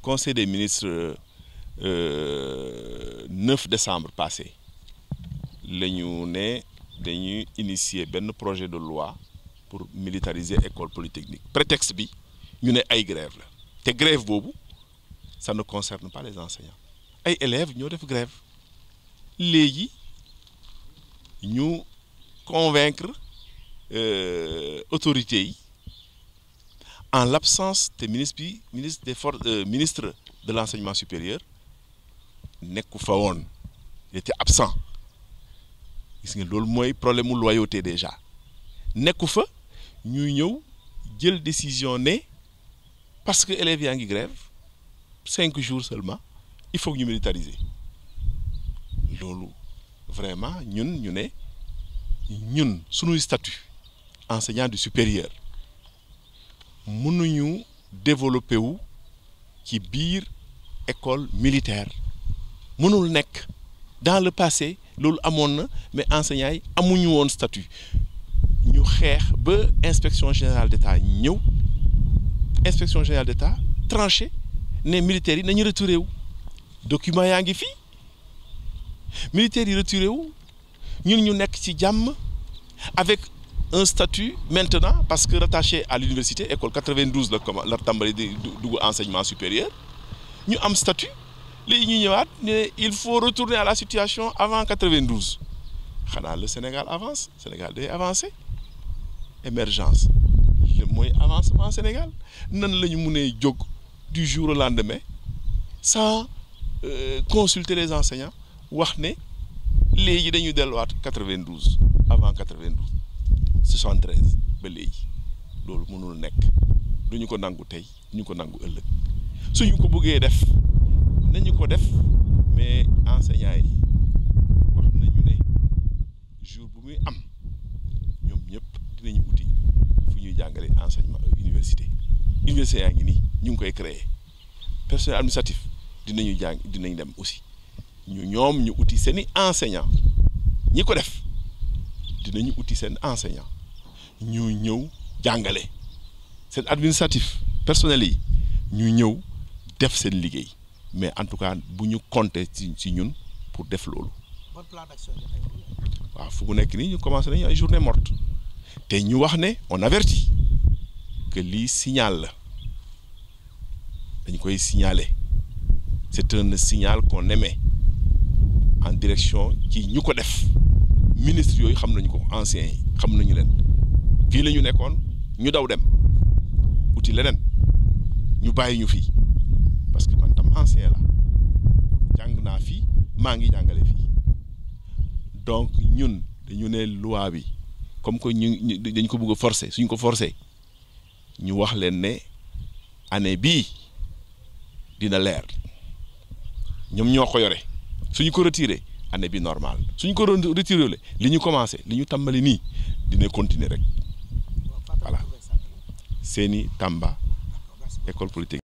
conseil des ministres euh, 9 décembre passé la ñu ne dañuy initier benn projet de loi pour militariser école polytechnique prétexte bi ñu ne ay grève la te grève boobu ça ne concerne pas les enseignants ay élèves ñoo def grève léegi ñu convaincre euh, autorités yi en l'absence te ministre bi ministre des forces euh, ministre de l'enseignement supérieur nekku fa woon il était absent gis nga loolu mooy problème mu loyauté déjà nekku fa ñuy ñëw jël décision ne parce que élèves yaa ngi grève cinq jours seulement il faut ñu militariser loolu vraiment ñun ñu ne ñun suñuy statut enseignant du supérieur mënuñu développé wu ci biir école militaire mënul nekk dans le passé loolu amoon na mais enseignants amuñu woon statut ñu xeex ba inspection générale d'État ñëw inspection générale d'État tranché ne militaires yi nañu retiré wu document yaa ngi fii militaires yi retiré wu ñun ñu nekk ci jàmm avec un statut maintenant parce que rattaché à l'université école 92 la comme la tambali di dugg enseignement supérieur ñu am statut léegi ñu ñëwaat ne il faut retourner à la situation avant 92 xanaa le Sénégal avance Sénégal day avancé émergence mooy avancement Sénégal nan la ñu mënee jóg du jour au lendemain sans euh, consulter les enseignants wax ne léegi dañuy delluwaat 92 avant 92. 73 ba léegi loolu mënul nekk du ñu ko nangu tey ñu ko nangu ëllëg suñu ko buggee def nañu ko def mais enseignants yi wax nañu ne jour bu muy am ñoom ñëpp dinañu uti fu ñuy jàngale enseignement université université yaa ngi nii ñu ngi koy créer personnel administratif dinañu jàng dinañ dem aussi ñu ñoom ñu uti seeni enseignants ñi ko def dinañu uti seen enseignant ñu ñëw jàngale seen administratif personnel yi ñu ñëw def seen liggéey mais en tout cas bu ñu compter ci ci ñun pour def loolu waaw fu mu nekk nii ñu commencé nañu ay journée morte te ñu wax ne on avertit que lii signal la dañ koy signale c'est un signal qu'on émet en direction ci ñu ko def ministre yooyu xam nañu ko anciens yi xam nañu leen fii la ñu nekkoon ñu daw dem uti leneen ñu bàyyi ñu fii parce que man tam ancien la jàng naa fii maa ngi jàngale fii donc ñun dañu ne loi bi comme que dañ ko bëgg a forcer suñ ko forcer ñu wax leen ne année bii dina leer ñoom ñoo ko yore suñu ko retiré année bi normal suñ ko doon retiré li ñu commencé li ñu tàmbali nii dina continuer rek voilà seeni Tamba école polytechnique